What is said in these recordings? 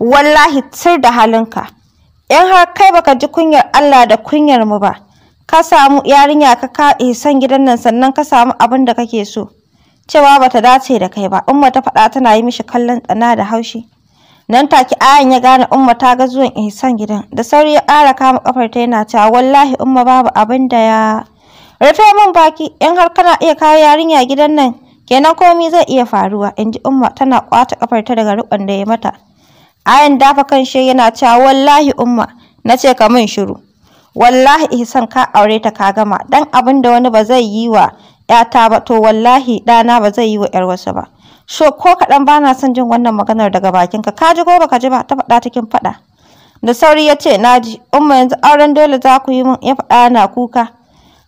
wallahi tsir da halinka in har kai baka ji kunyar Allah da kunyar mu ba ka samu yarinya ka ka isan gidan nan sannan ka samu abin da kake so cewa bata dace da kai ba umma ta faɗa tana yi mishi kallon tsana da haushi nan take ayan ya gane umma ta ga zuwan ihsan gidan da sauri ya ƙara kama kafar ta yana cewa wallahi umma babu abin da ya rufe min baki in har kana iya kawo yarinya gidan nan kenan komai zai iya faruwa in ji umma tana kwata kafar ta daga rikon da ya mata Ayan dafa kan shi yana cewa wallahi umma na ce ka min shiru. Wallahi Ihsan ka aure ta ka gama dan abin da wani ba zai yi wa ‘yata ba to wallahi dana ba zai yi wa ‘yar wasu ba. So ko kaɗan ba na son jin wannan maganar daga bakin ka ji ko baka ji ba ta faɗa cikin faɗa. Da sauri ya ce na ji umma yanzu auren dole za ku yi min ya faɗa na kuka.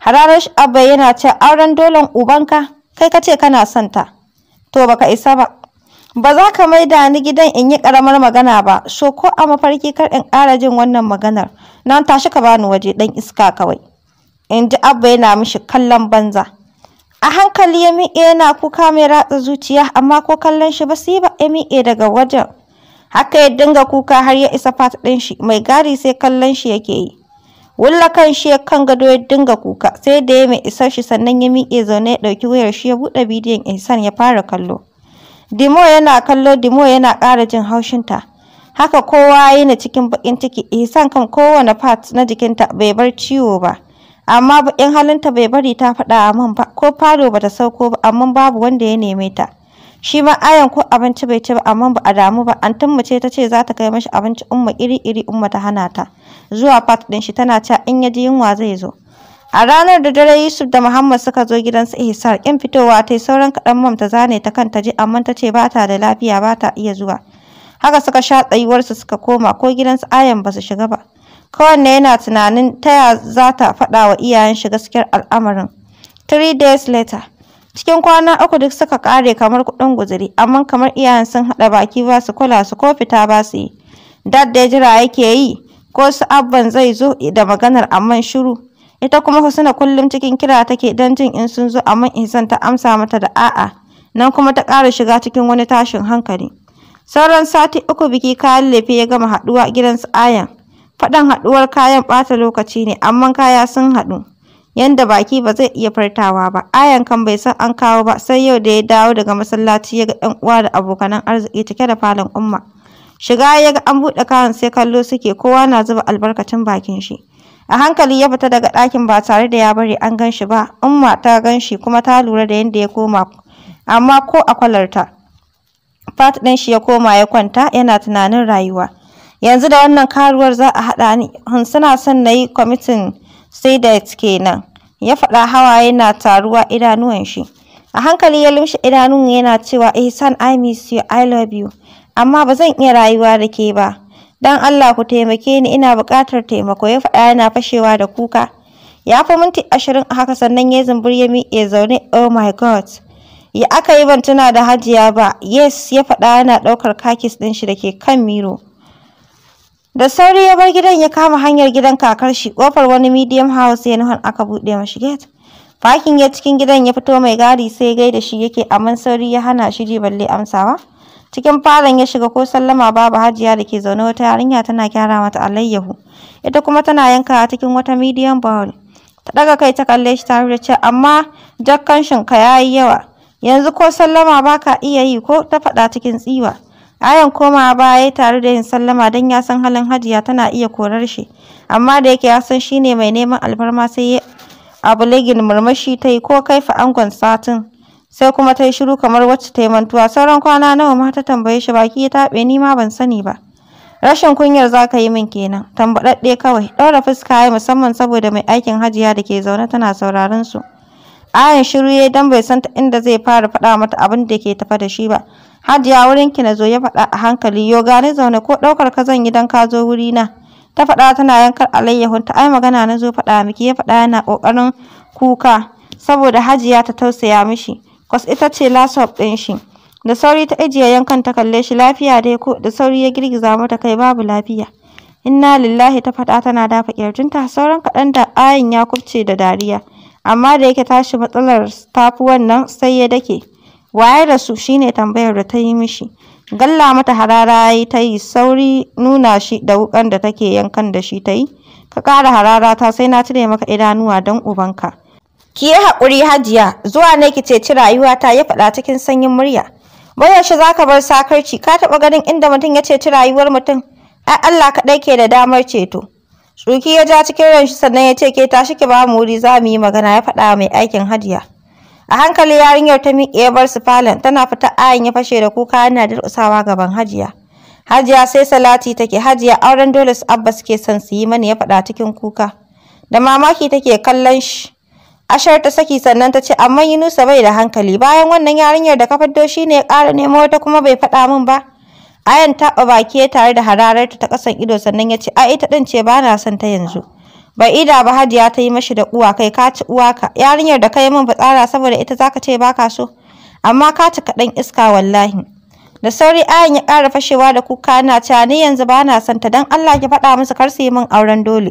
Hararar Abba yana ce auren dolen ubanka kai ka ce kana son ta. To baka isa ba ba za ka maida ni gidan in yi ƙaramar magana ba so ko a mafarki kar in ƙara jin wannan maganar nan tashi ka bani waje ɗan iska kawai in ji abba yana mishi kallon banza a hankali ya miƙe yana kuka mai ratsa zuciya amma ko kallon shi ba sai ba ya miƙe daga wajen haka ya dinga kuka har ya isa fat ɗin shi mai gari sai kallon shi yake yi wulla kan shi ya kan gado ya dinga kuka sai da ya mai isar shi sannan ya miƙe zaune ya ɗauki wayar shi ya buɗe bidiyon ihsan ya fara kallo Dimo yana kallo Dimo yana ƙara jin haushin ta Haka kowa yana cikin bakin ciki, san kan kowane part na jikinta bai bar ciwo ba. Amma baƙin halinta bai bari ta faɗa a man ba, ko falo bata sauko ba, amma babu wanda ya neme ta. Shi ma ayan ko abinci bai ci ba, amma ba a damu ba, antin mu ce ta ce za ta kai mashi abinci umma iri-iri umma ta hana ta. Zuwa part ɗin shi tana cewa in ya ji yunwa zai zo. A ranar da dare Yusuf da Muhammad suka zo gidan su Ihsan kin fitowa ta sauran kaɗan mam ta zane ta kanta ji amma ta ce ba ta da lafiya ba ta iya zuwa. Haka suka sha tsayuwarsu suka koma ko gidan su Ayan ba su shiga ba. Kowanne yana tunanin taya za ta faɗa wa iyayen shi gaskiyar al'amarin. Three days later. Cikin kwana uku duk suka kare kamar kuɗin guzuri amma kamar iyayen sun haɗa baki ba su kula su ko fita ba su yi. Dad da jira yake yi ko su abban zai zo da maganar amma shiru. ita kuma Husna kullum cikin kira take don jin in sun zo amma Ihsan ta amsa mata da a'a nan kuma ta ƙara shiga cikin wani tashin hankali sauran sati uku biki kayan lefe ya gama haɗuwa gidan su Ayan faɗan haɗuwar kayan ɓata lokaci ne amma kaya sun haɗu yanda baki ba zai iya fartawa ba Ayan kan bai san an kawo ba sai yau da ya dawo daga masallaci ya ga ɗan uwa da abokan arziki cike da falon umma shiga ya ga an buɗe kayan sai kallo suke kowa na zuba albarkacin bakin shi a hankali ya fita daga ɗakin ba tare da ya bari an gan shi ba umma ta gan shi kuma ta lura da yadda ya koma amma ko a kwalarta fat ɗin shi ya koma ya kwanta yana tunanin rayuwa yanzu da wannan karuwar za a haɗa ni suna son na yi kwamitin sai da kenan ya faɗa hawa yana taruwa idanuwan shi a hankali ya lumshe idanun yana cewa ihsan eh, i miss you i love you amma ba zan iya rayuwa da ke ba dan Allah ku taimake ni ina buƙatar taimako ya faɗa yana fashewa da kuka ya fi minti ashirin a haka sannan ya zumbur ya miƙe zaune oh my god ya aka yi ban tuna da hajiya ba yes ya faɗa yana ɗaukar kakis ɗin shi da ke kan miro da sauri ya bar gidan ya kama hanyar gidan kakar shi ƙofar wani medium house ya nuhan aka buɗe mashi gate fakin ya cikin gidan ya fito mai gari sai gaida shi yake amma sauri ya hana shi je balle amsawa cikin falon ya shiga ko sallama babu hajiya da ke zaune wata yarinya tana gyara mata alayyahu ita kuma tana yanka a cikin wata medium bowl ta daga kai ta kalle shi tare da ce amma jakkan shinka yayi yawa yanzu ko sallama baka iya yi ko ta faɗa cikin tsiwa ayan koma baya tare da yin sallama don ya san halin hajiya tana iya korar shi amma da yake ya san shine mai neman alfarma sai ya abu murmushi ta yi ko kai fa angon satin sai kuma ta yi shiru kamar wacce ta yi mantuwa sauran kwana nawa ma ta tambaye shi baki ya taɓe ni ma ban sani ba rashin kunyar za ka yi min kenan tambaɗaɗɗe kawai ɗaura fuska ya musamman saboda mai aikin hajiya da ke zaune tana sauraron su ayan shiru ya dan bai san ta inda zai fara faɗa mata abin da ke tafa da shi ba hajiya wurin ki na zo ya faɗa a hankali yo gani zaune ko ɗaukar ka zan yi dan ka zo wuri na ta faɗa tana yankar alayyahun ta ai magana na zo faɗa miki ya faɗa yana ƙoƙarin kuka saboda hajiya ta tausaya mishi kwas ita ce lasop ɗin shi da sauri ta ajiye yankan ta kalle shi lafiya dai ko da sauri ya girgiza mata kai babu lafiya inna lillahi ta faɗa tana dafa ƙirjinta sauran kaɗan da ayin ya kubce da dariya amma da yake tashi matsalar tafi wannan sai ya dake waye da su shine tambayar da ta yi mishi galla mata harara yi ta yi sauri nuna shi da wukan da take yankan da shi ta yi ka kara harara ta sai na cire maka idanuwa don ubanka ki yi haƙuri hajiya zuwa ne ki ceci rayuwata ya faɗa cikin sanyin murya Bayaushe za ka bar sakarci ka taɓa ganin inda mutum ya ceci rayuwar mutum ai Allah kaɗai ke da damar ceto tsuki ya ja cikin ranshi sannan ya ce ke tashi ki ba mu wuri za mu yi magana ya faɗa mai aikin hajiya a hankali yarinyar ta miƙe ya bar su falon tana fita ayin ya fashe da kuka yana durƙusawa gaban hajiya hajiya sai salati take hajiya auren dole su abba suke son su yi mani ya faɗa cikin kuka da mamaki take kallon shi Ashar ta saki sannan ta ce amma Yunusa bai da hankali bayan wannan yarinyar da ka fiddo shi ne ya ƙara nemo wata kuma bai faɗa min ba. Ayan taɓa baki ya tare da harararta ta ƙasan ido sannan ya ce a ita ɗin ce ba na son ta yanzu. Bai ida ba Hadiya ta yi mashi da uwa kai ka ci uwa ka yarinyar da ka yi min fitsara saboda ita zaka ce ba ka so amma ka ci kaɗan iska wallahi. Da sauri ayan ya ƙara fashewa da kuka na cewa ni yanzu ba na son ta don Allah ki faɗa musu kar su yi min auren dole.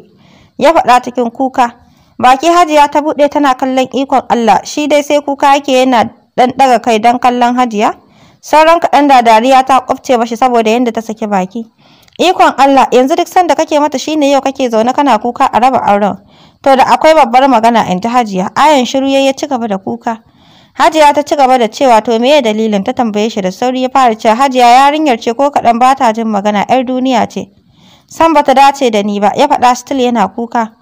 Ya faɗa cikin kuka. baki hajiya ta buɗe tana kallon ikon Allah shi dai sai kuka yake yana ɗan ɗaga kai don kallon hajiya sauran kaɗan da dariya ta kwafce mashi saboda yadda ta saki baki ikon Allah yanzu duk sanda kake mata shine yau kake zaune kana kuka a raba auren to da akwai babbar magana in ta hajiya ayan shiru ya ci gaba da kuka Hajiya ta ci gaba da cewa to meye dalilin ta tambaye shi da sauri ya fara cewa Hajiya yarinyar ce ko kaɗan ba ta jin magana 'yar duniya ce. San bata dace da ni ba ya faɗa still yana kuka.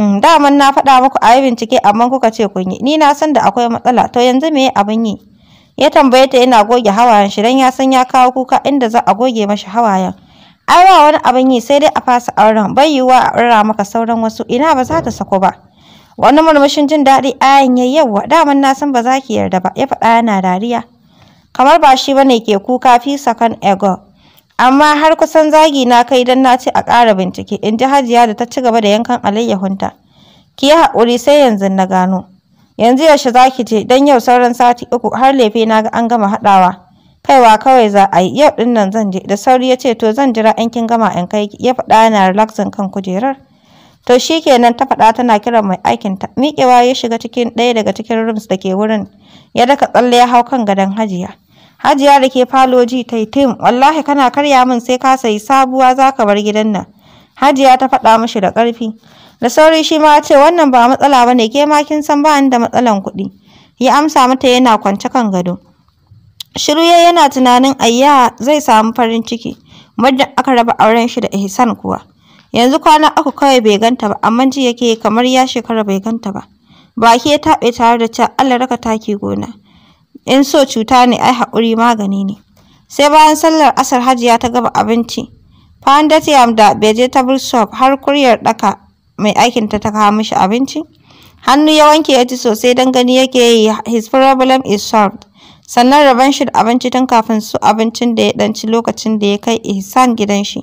Mm, daman na faɗa muku a yi bincike amma kuka ce kun yi. Ni na san da akwai matsala, to yanzu me abin yi? Ya tambaye ta yana goge hawayen shi dan ya san ya kawo kuka inda za a goge mashi hawayen. Ai ba wani abin yi sai dai a fasa auren, bai yiwuwa a ɗora maka sauran wasu, ina ba za ta sako ba. Wani murmushin jin daɗi ayan yayi yawa, daman na san ba za ki yarda ba, ya faɗa yana dariya. Kamar ba shi bane ke kuka fi sakan ego. amma har kusan zagi na kai dan na ce a ƙara bincike in ji hajiya da ta ci gaba da yankan alayyahunta ki yi haƙuri sai yanzu na gano yanzu yaushe za ki je don yau sauran sati uku har lefe na ga an gama haɗawa kaiwa kawai za a yi yau ɗin nan zan je da sauri ya ce to zan jira in kin gama in kai ya faɗa yana relaxin kan kujerar to shi kenan ta faɗa tana kiran mai aikin ta miƙewa ya shiga cikin ɗaya daga cikin rooms da ke wurin ya daka tsalle ya hau kan gadon hajiya Hajiya da ke faloji tim wallahi kana karya min sai ka sayi sabuwa za ka bar gidan nan. Hajiya ta faɗa mishi da ƙarfi. Da sauri shi ma ce wannan ba matsala ba ne ke ma kin san ba da matsalan kuɗi. Ya amsa mata yana kwance kan gado. Shiruye yana tunanin ayya zai samu farin ciki. Muddin aka raba auren shi da Ihsan kuwa. Yanzu kwana uku kawai bai ganta ba amma ji yake kamar ya shekara bai ganta ba. Baki ya taɓe tare da ta Allah raka taki gona. in so cuta ne ai haƙuri magani ne sai bayan sallar asar hajiya ta gaba abinci Fandatiyam da vegetable shop har kuryar ɗaka mai aikinta ta kawo mishi abinci hannu ya wanke ya ci sosai don gani yake yi his problem is solved sannan rabon shi da abinci tun kafin su abincin da ya ɗanci lokacin da ya kai ihsan gidan shi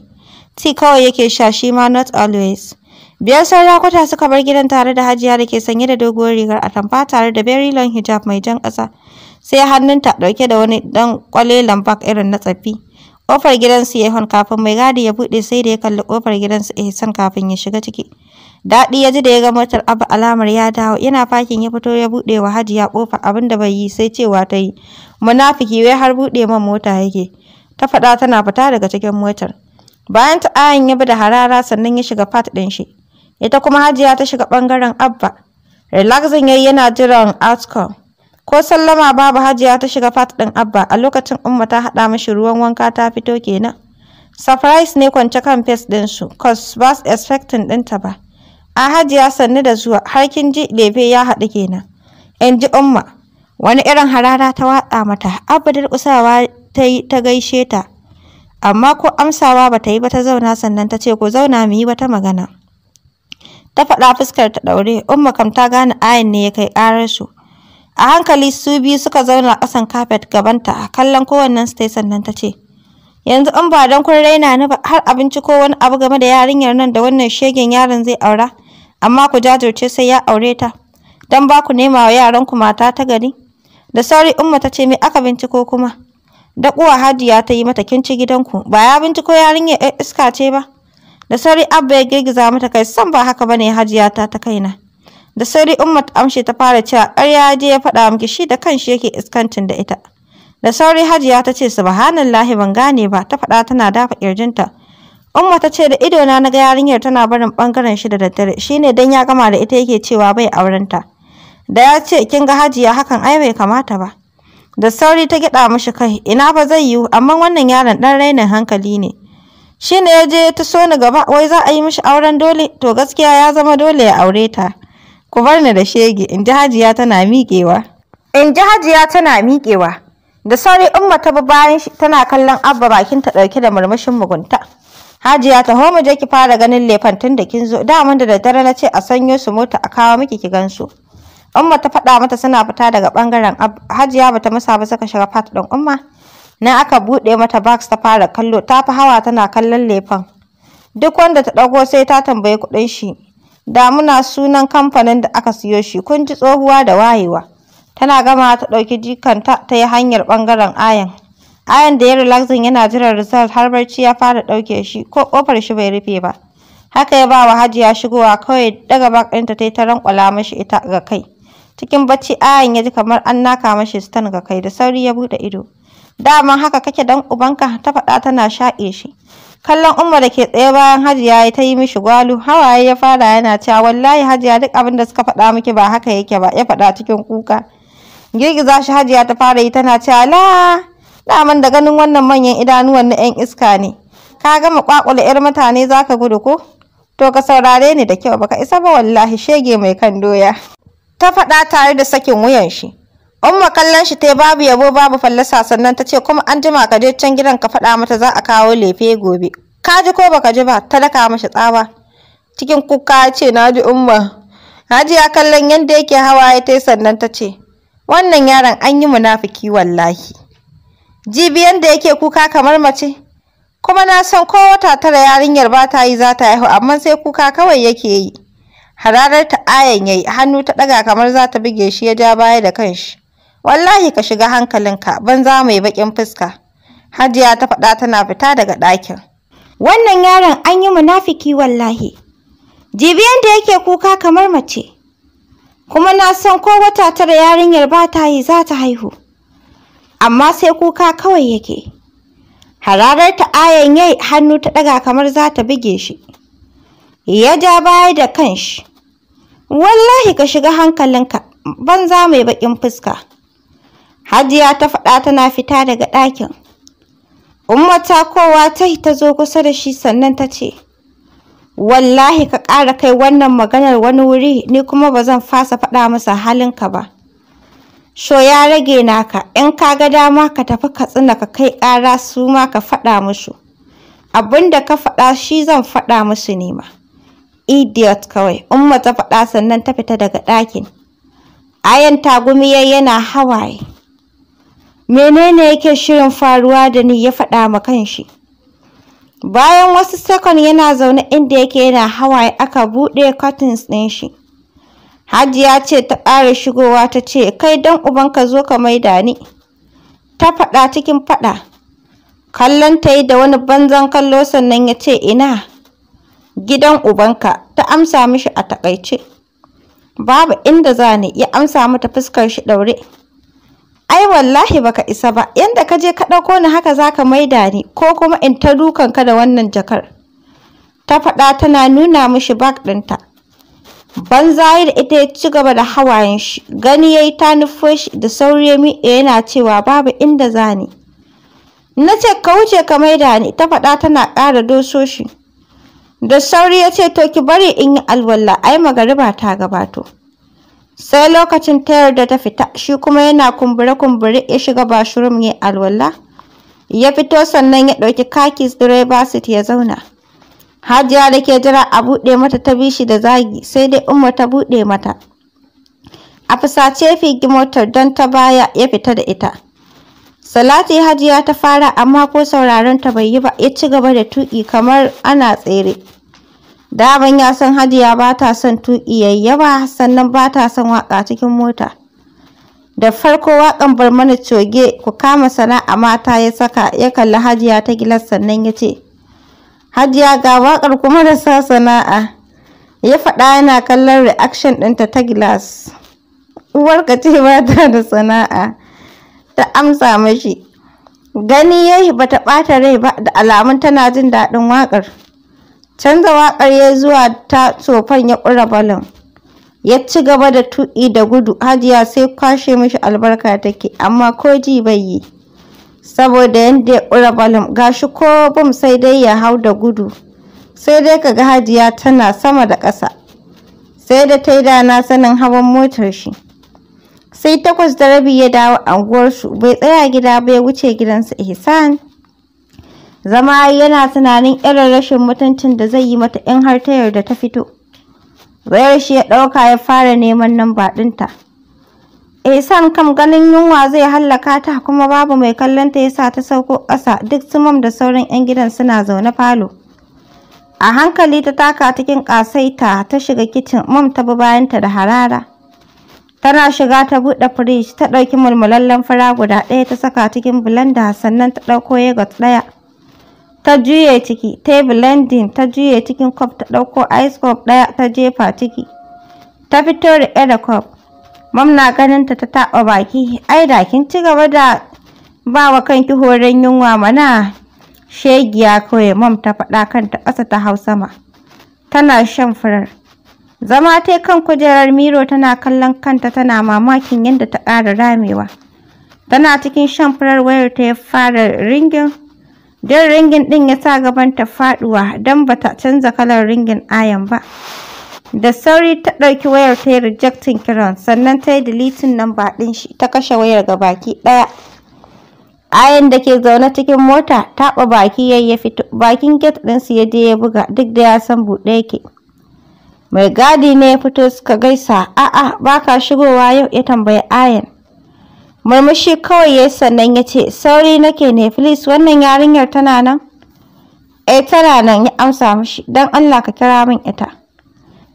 ti kawai yake sha shi ma not always biyar saurakuta suka bar gidan tare da hajiya da ke sanye da doguwar rigar atamfa tare da very long hijab mai jan ƙasa sai hannunta ɗauke da wani ɗan kwalelan bak irin na tsafi. Ƙofar gidansu Yehon kafin mai gadi ya buɗe sai da ya kalli ƙofar gidansu Ihsan kafin ya shiga ciki. Daɗi ya ji da ya ga motar abu alamar ya dawo yana fakin ya fito ya buɗe wa hajiya ƙofar abin da bai yi sai cewa ta yi. Munafiki wai har buɗe man mota yake. Ta faɗa tana fita daga cikin motar. Bayan ta ayan ya bi da harara sannan ya shiga fat ɗin shi. Ita kuma hajiya ta shiga ɓangaren abba. Relaxing yayi yana jiran outcome. ko sallama babu hajiya ta shiga fat din abba a lokacin umma ta haɗa mashi ruwan wanka ta fito kenan surprise ne kwance kan face din su cause ba su din ɗinta ba a hajiya sannu da zuwa har kin ji lefe ya haɗu kenan in ji umma wani irin harara ta watsa mata abba durƙusawa ta yi ta gaishe ta amma ko amsawa ba ta yi ba ta zauna sannan ta ce ko zauna mu yi wata magana ta faɗa fuskar ta ɗaure umma kam ta gane ayan ne ya kai ƙarar su a hankali su biyu suka zauna kasan kafet gabanta kallon kowannen su tai sannan ta ce yanzu in ba don kun raina ni ba har abinci ko wani abu game da yarinyar nan da wannan shegen yaron zai aura amma ku jajirce sai ya aure ta don ba ku nema wa ku mata ta gari da sauri umma ta ce me aka binciko kuma da kuwa hajiya ta yi mata kinci gidanku ba ya binciko yarinyar iska ce ba da sauri abba ya girgiza mata kai san ba haka bane hajiya ta ta kaina da sauri ummat amshi ta fara cewa ƙarya je ya faɗa miki shi da kanshi yake iskantin da ita da sauri hajiya ta ce subhanallahi ban gane ba ta faɗa tana dafa ƙirjinta umma ta ce da idona na ga yarinyar tana barin ɓangaren shi da daddare shine dan ya gama da ita yake cewa bai aurenta da ya ce kin ga hajiya hakan ai bai kamata ba da sauri ta gyaɗa mashi kai ina ba zai yiwu amma wannan yaron ɗan rainin hankali ne shine ya je ta so ni gaba wai za a yi mishi auren dole to gaskiya ya zama dole ya aure ta Ku bar ni da shege, in ji Hajiya tana miƙewa. In ji Hajiya tana miƙewa. Da sauri Umma ta bi bayan shi tana kallon Abba bakin ta ɗauke da murmushin mugunta. Hajiya ta mu je ki fara ganin lefan tun da kin zo. da da daddare na ce a sanyo su mota a kawo miki ki gansu. Umma ta faɗa mata suna fita daga ɓangaren Abba. Hajiya bata musa ba suka shiga fat ɗin Umma. Na aka buɗe mata box ta fara kallo ta fi hawa tana kallon lefan. Duk wanda ta ɗago sai ta tambayi kuɗin shi. damuna sunan kamfanin da aka siyo shi kun ji tsohuwa da wayewa tana gama ta ɗauki jikanta ta yi hanyar ɓangaren ayan ayan da ya relaxing yana jiran result har barci ya fara ɗauke shi ko ƙofar shi bai rufe ba haka ya ba wa hajiya shigowa kawai daga bakinta ta yi ta rankwala mashi ita ga kai cikin bacci ayan ya ji kamar an naka mashi stan ga kai da sauri ya buɗe ido daman haka kake dan ubanka ta faɗa tana shaƙe shi kallon Umar da ke tsaye bayan hajiya ya ta yi mishi gwalu hawaye ya fara yana cewa wallahi hajiya duk abin da suka faɗa miki ba haka yake ba ya faɗa cikin kuka girgiza shi hajiya ta fara yi tana cewa la daman da ganin wannan manyan idanuwan na yan iska ne ka gama kwakula yar mutane za ka gudu ko to ka saurare ni da kyau baka isa ba wallahi shege mai kan doya ta faɗa tare da sakin wuyan shi Umma kallon shi ta babu yabo babu fallasa sannan ta ce kuma an jima ka je can gidan ka faɗa mata za a kawo lefe gobe. Ka ji ko baka ji ba ta daka mashi tsaba. Cikin kuka ya ce na ji umma. Hajiya kallon yadda yake hawaye ta yi sannan ta ce wannan yaron an yi munafiki wallahi. Jibi yadda yake kuka kamar mace. Kuma na san ko wata tara yarinyar ba ta yi za ta haihu amma sai kuka kawai yake yi. Hararar ta ayan yayi hannu ta ɗaga kamar za ta buge shi ya ja baya da kanshi. wallahi ka shiga hankalinka banza mai bakin fuska hajiya ta faɗa tana fita daga ɗakin wannan yaron an yi munafiki wallahi jibiyan da yake kuka kamar mace kuma na san ko wata tara yarinyar ba ta yi za ta haihu amma sai kuka kawai yake hararar ta ayan yai hannu ta ɗaga kamar za ta buge shi ya ja baya da kanshi wallahi ka shiga hankalinka banza mai baƙin fuska Hajiya ta faɗa tana fita daga ɗakin. Umma ta kowa ta yi ta zo kusa da shi sannan ta ce, Wallahi ka ƙara kai wannan maganar wani wuri ni kuma ba zan fasa faɗa masa halinka ba. Sho ya rage naka, in ka ga dama ka tafi ka tsina ka kai ƙara su ma ka faɗa musu. Abin da ka faɗa shi zan faɗa musu ne ma. Idiot kawai, Umma ta faɗa sannan ta fita daga ɗakin. Ayan tagumi yana hawaye. menene yake shirin faruwa da ni ya faɗa ma kanshi bayan wasu sakon yana zaune inda yake yana hawaye aka buɗe curtains ɗin shi hajiya ce ta ƙara shigowa ta ce kai dan ubanka zo ka maida ni ta faɗa cikin faɗa kallon ta yi da wani banzan kallo sannan ya ce ina gidan ubanka ta amsa mishi a takaice babu inda za ni ya amsa mata fuskar shi ɗaure ai wallahi baka isa ba yanda ka je ka ɗauko ni haka zaka maida ni ko kuma in ta dukan ka da wannan jakar ta faɗa tana nuna mishi bag ɗinta banza da ita ya ci gaba da hawayen shi gani yayi ta nufo shi da sauri ya miƙe yana cewa babu inda za ni. na ce ka wuce ka maida ni ta faɗa tana ƙara doso shi da sauri ya ce to ki bari in yi alwala ai magariba ta gabato sai lokacin tayar da ta fita shi kuma yana kumbure-kumbure ya shiga bashirum ya alwala ya fito sannan ya ɗauki kakis direba sit ya zauna hajiya da ke jira a buɗe mata ta bishi da zagi sai dai umma ta buɗe mata a fusace figi motar don ta baya ya fita da ita salati hajiya ta fara amma ko sauraron ta bai yi ba ya ci gaba da tuƙi kamar ana tsere Daban ya san Hajiya ba ta son tuƙi yayyaba sannan ba ta son waƙa cikin mota. Da farko waƙan bar mana coge ku kama sana'a mata ya saka ya kalli Hajiya ta gilas sannan ya ce, Hajiya ga waƙar kuma da sa sana'a. Ya faɗa yana kallon reaction ɗinta ta gilas. ka ce ba ta da sana'a. Ta amsa mashi. Gani yayi bata ɓata rai ba da alamun tana jin daɗin waƙar. Canza waƙar ya zuwa ta tsofan ya ƙura balon. Ya ci gaba da tuƙi da gudu hajiya sai kwashe mishi albarka take amma ko ji bai yi. Saboda yadda ya ƙura balon gashi ko bum sai dai ya hau da gudu. Sai dai ga hajiya tana sama da ƙasa. Sai da ta yi dana sanin hawan motar shi. Sai takwas da rabi ya dawo anguwarsu bai tsaya gida ba ya wuce gidansa Ihsan. Zama yana tunanin irin rashin mutuncin da zai yi mata in har ta yarda ta fito. Wayar shi ya ɗauka ya fara neman namba ɗinta. Eh, san kam ganin yunwa zai hallaka ta kuma babu mai kallon ta yasa ta sauko ƙasa duk sumam da sauran 'yan gidan suna zaune falo. A hankali ta taka cikin ƙasaita ta shiga kicin mam ta bi bayanta da harara. Tana shiga ta buɗe firij ta ɗauki mulmulallen fara guda ɗaya ta saka cikin bulanda sannan ta ɗauko yogot ɗaya. ta juye ciki ta yi blending ta juye cikin cup ta ɗauko ice cup ɗaya ta jefa ciki ta fito ɗaya da cup mam na ganin ta ta taɓa baki ai da kin ci gaba da ba wa kanki horon yunwa mana shegiya kawai mam ta faɗa kanta ƙasa ta hau sama tana shan furar zama ta kan kujerar miro tana kallon kanta tana mamakin yadda ta ƙara ramewa tana cikin shan furar wayar ta ya fara ringin Don ringin ɗin ya sa gaban ta faɗuwa don ba ta canza kalar ringin ayan ba. Da sauri ta ɗauki wayar ta yi rejectin kiran sannan ta yi deleting namba ɗin shi ta kashe wayar ga baki ɗaya. Ayan da ke zaune cikin mota taɓa baki yayi ya fito bakin gate ɗinsu ya je ya buga duk da ya san buɗe yake. Mai gadi ne ya fito suka gaisa a'a baka shigowa yau ya tambayi Ayan. murmushi kawai ya sannan ya ce sauri nake ne filis wannan yarinyar tana nan eh tana nan ya amsa mishi don allah ka kira min ita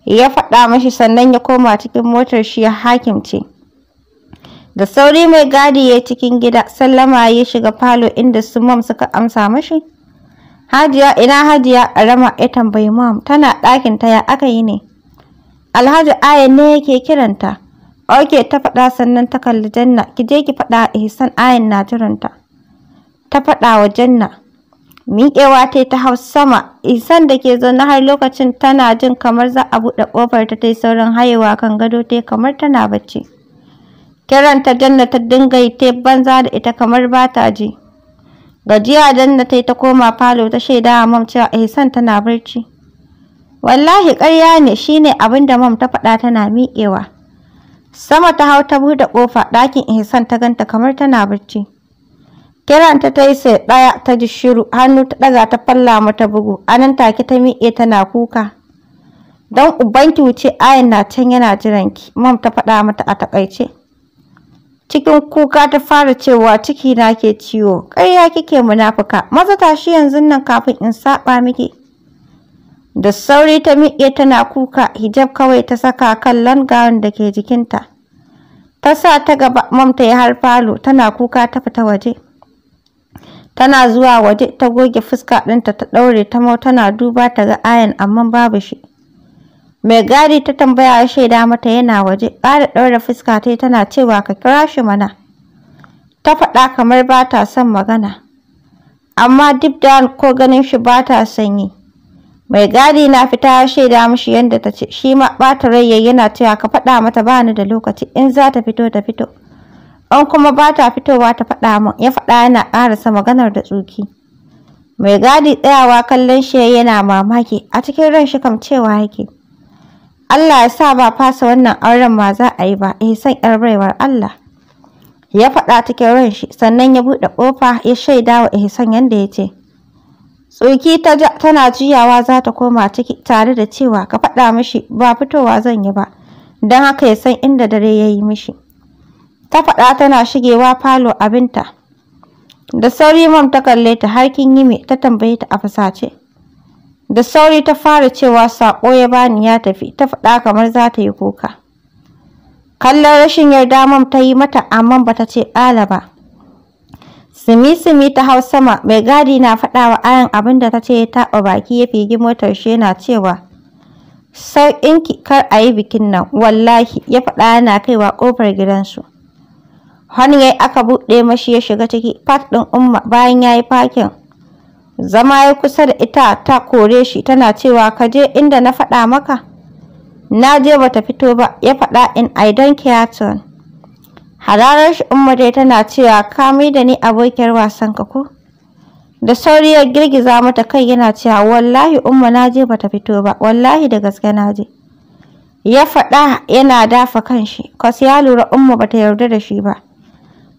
ya faɗa mashi sannan ya koma cikin motar shi ya hakimce da sauri mai gadi ya cikin gida sallama ya shiga falo inda su mam suka amsa mashi hajiya ina hajiya a rama ya tambayi mam tana ɗakin ta ya aka yi ne alhaji aya ne yake kiranta Oke ta faɗa sannan ta kalli Janna, ki je ki faɗa Ihsan ayin na jiranta. Ta faɗa wa Janna, miƙewa ta ta hau sama, Ihsan da ke zaune har lokacin tana jin kamar za a buɗe ƙofar ta tai yi saurin hayewa kan gado ta kamar tana bacci. Kiranta ta Janna ta dinga yi ta banza da ita kamar ba ta ji. Gajiya Janna ta ta koma falo ta shaida wa mam cewa san tana barci. Wallahi ƙarya ne shine abin da mam ta faɗa tana miƙewa. Sama ta hau ta buɗe ƙofa ɗakin Ihsan ta ganta kamar tana barci. Kiranta ta yi sai ɗaya ta ji shiru hannu ta ɗaga ta falla mata bugu a nan take ta miƙe tana kuka. Don ubanki wuce ayan na can yana jiranki, mam ta faɗa mata a taƙaice. Cikin kuka ta fara cewa ciki na ke ciwo, ƙarya kike munafuka, maza tashi yanzu nan kafin in saɓa miki. da sauri ta miƙe tana kuka hijab kawai ta saka kan langawan da ke jikinta ta sa ta gaba mamta ya har falo tana kuka ta fita waje tana zuwa waje ta goge fuska ɗinta ta ɗaure ta mau tana duba ta ga ayan amma babu shi mai gadi ta tambaya ya shaida mata yana waje ƙara ɗaure fuska ta tana cewa ka kira shi mana ta faɗa kamar ba ta son magana amma duk da ko ganin shi ba ta son yi mai gadi na fita ya shaida mishi yadda ta ce shi ma ɓata rai yana cewa ka faɗa mata ba ni da lokaci in za ta fito ta fito an kuma ba ta fitowa ta faɗa min ya faɗa yana ƙarasa maganar da tsuki mai gadi tsayawa kallon shi yana mamaki a cikin ran shi kam cewa yake Allah ya sa ba fasa wannan auren ma za a yi ba eh, san yar baiwar Allah ya faɗa cikin ran shi sannan ya buɗe ƙofa ya shaida wa ihsan yadda ya ce Tsoki tana jiyawa za ta koma ciki tare da cewa ka faɗa mashi!' ba fitowa zan yi ba, don haka ya san inda dare ya yi mishi. Ta faɗa tana shigewa falo abinta. Da sauri mam ta kalle ta har kin yi me ta tambaye ta a fasace. Da sauri ta fara cewa saƙo ya bani ya tafi ta faɗa kamar za ta yi kuka. Kallon rashin yarda mam ta yi mata amma ba ta ce ƙala ba. Sumi-sumi ta hau sama, mai gadi na faɗa wa Ayan abin da ta ce ya taɓa baki ya figi motar shi yana cewa, Sauƙinki kar a yi bikin nan, wallahi, ya faɗa yana kaiwa ƙofar gidansu. Hani ya aka buɗe mashi ya shiga ciki, fak ɗin Umma bayan ya yi fakin. Zama ya kusa da ita ta kore shi tana cewa ka je inda na faɗa maka. Na je bata fito ba, ya faɗa in I don't care Hararar shi Umma dai tana cewa ka mai da ni abokiyar ka, ko? Da sauri ya girgiza mata kai yana cewa wallahi Umma na je bata fito ba, wallahi da gaske na je. Ya faɗa yana dafa kanshi, kwas ya lura Umma bata yarda da shi ba.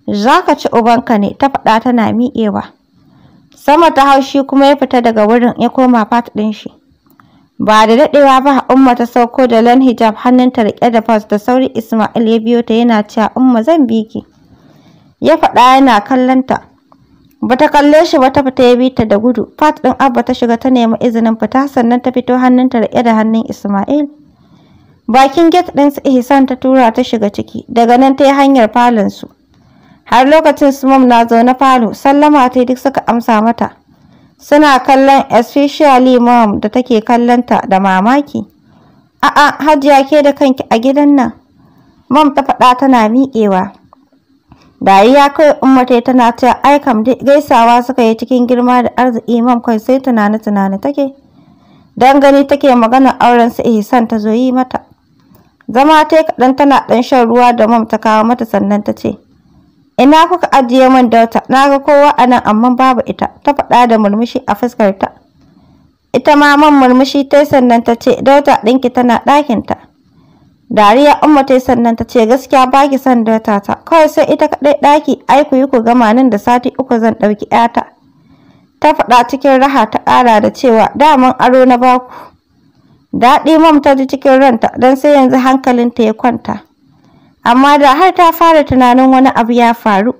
Za ka ci ubanka ne, ta faɗa tana miƙewa. Sama ta haushi kuma ya fita daga wurin ya koma fat ɗin shi. Ba da daɗewa ba Umma ta sauko da lan hijab hannunta rike da fas da sauri Ismail ya biyo ta yana cewa Umma zan bi ki. Ya faɗa yana kallonta. Bata kalle shi ba ta fita ya bi ta da gudu. Fat ɗin Abba ta shiga ta nemi izinin fita sannan ta fito hannunta rike da hannun Ismail. Bakin gate ɗin su Ihsan ta tura ta shiga ciki. Daga nan ta yi hanyar falon su. Har lokacin su mom na zaune falo sallama ta duk suka amsa mata. suna kallon especially mom da take kallonta da mamaki. A'a, Hajiya ke da kanki a gidan nan. Mom ta faɗa tana miƙewa. ya kai ummata tana ta aikam da gaisawa suka yi cikin girma da arziki mom kai sai tunani tunani take. Dan gani take magana auren su Ihsan ta zo yi mata. Zama ta kaɗan tana ɗan shan ruwa da mom ta kawo mata sannan ta ce, ina kuka ajiye man dauta na ga kowa a nan amma babu ita ta faɗa da murmushi a fuskarta ita ma man murmushi ta yi sannan ta ce dauta ɗinki tana ɗakinta dariya umma ta yi sannan ta ce gaskiya ba ki san dauta ta kawai sai ita kaɗai ɗaki ai ku yi ku gama nan da sati uku zan ɗauki ƴata ta faɗa cikin raha ta ƙara da cewa daman aro na baku daɗi mam ta ji cikin ranta don sai yanzu hankalinta ya kwanta amma da har ta fara tunanin wani abu ya faru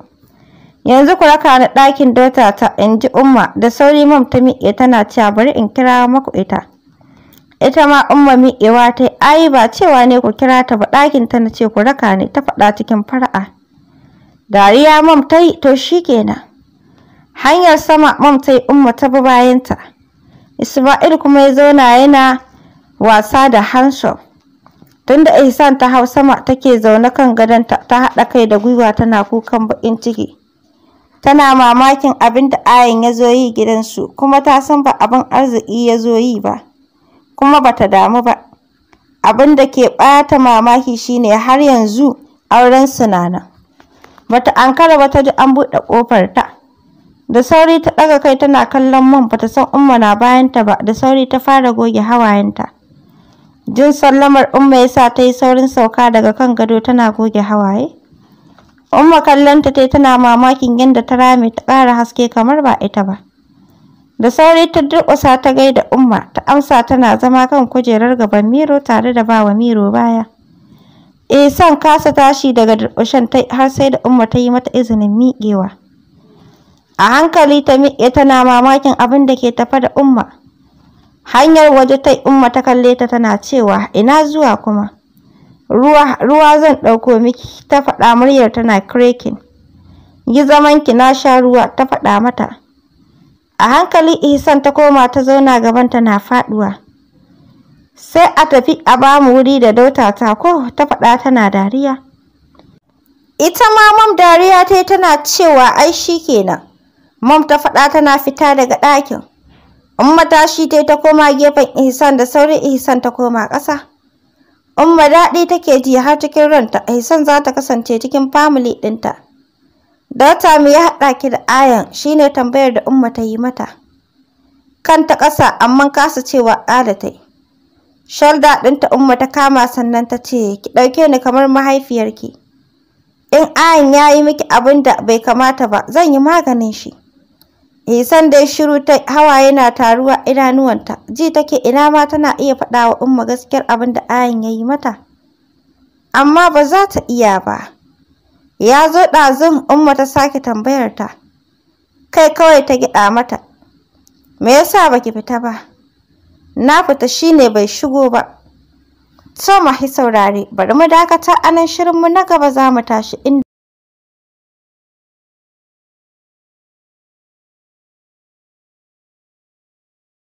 yanzu ku raka ni ɗakin dota ta in ji umma da sauri mam ta miƙe tana cewa bari in kira maku ita ita ma umma miƙewa ta yi ayi ba cewa ne ku kira ta ba ɗakin ta na ce ku raka ni ta faɗa cikin fara'a dariya mam ta yi to shi kenan hanyar sama mam ta yi umma ta bi bayanta Isma'il kuma ya zauna yana wasa da Hansom. tunda Ihsan ta hau sama take zaune kan gadon ta haɗa kai da gwiwa tana kukan baƙin ciki tana mamakin abin da Ayan ya zo yi gidansu kuma ta san ba abin arziki ya zo yi ba kuma bata damu ba abin da ke ɓata mamaki shine har yanzu auren su na bata ankara ba ta ji an buɗe ƙofar ta da sauri ta ɗaga kai tana kallon man bata san umma na bayanta ba da sauri ta fara goge hawayenta Jin sallamar Umma ya sa ta yi saurin sauka daga kan gado tana goge hawaye. Umma kallonta ta tana mamakin yadda ta rame ta ƙara haske kamar ba ita ba. Da sauri ta durƙusa ta gai da Umma ta amsa tana zama kan kujerar gaban Miro tare da bawa Miro baya. E, son kasa tashi daga durƙushen har sai da Umma ta yi mata izinin miƙewa. A hankali ta miƙe tana mamakin abin da ke tafa da Umma. hanyar waje ta umma ta kalle ta tana cewa ina zuwa kuma ruwa zan ɗauko miki ta faɗa muryar tana krekin yi zamanki na sha ruwa ta faɗa mata a hankali ihsan ta koma ta zauna gaban na faɗuwa sai a tafi a bamu wuri da dauta ta ko ta faɗa tana dariya ita ma mam dariya ta tana cewa ai kenan, mam ta faɗa tana fita daga ɗakin Umma ta tai ta koma gefen Ihsan da saurin Ihsan ta koma ƙasa. Umma daɗi take ji har cikin ranta Ihsan za ta kasance cikin family ɗinta. Data me ya haɗa ki da ayan shine tambayar da Umma ta yi mata. Kanta ƙasa amma kasa cewa ƙada tai. Shalda ɗinta Umma ta kama sannan ta ce ki ɗauke ni kamar mahaifiyarki. in ayan ya yi miki abin da bai kamata ba zan yi maganin shi san dai shiru ta hawa yana taruwa idanuwanta. Ji take ina ma tana iya faɗa wa Umma gaskiyar abin da ayan ya yi mata. Amma ba za ta iya ba. Ya zo ɗazun Umma ta sake tambayar ta. Kai kawai ta gyaɗa mata. Me yasa baki fita ba? Na fita shi ne bai shigo ba. So hi saurare, bari mu dakata anan shirinmu na gaba za mu tashi inda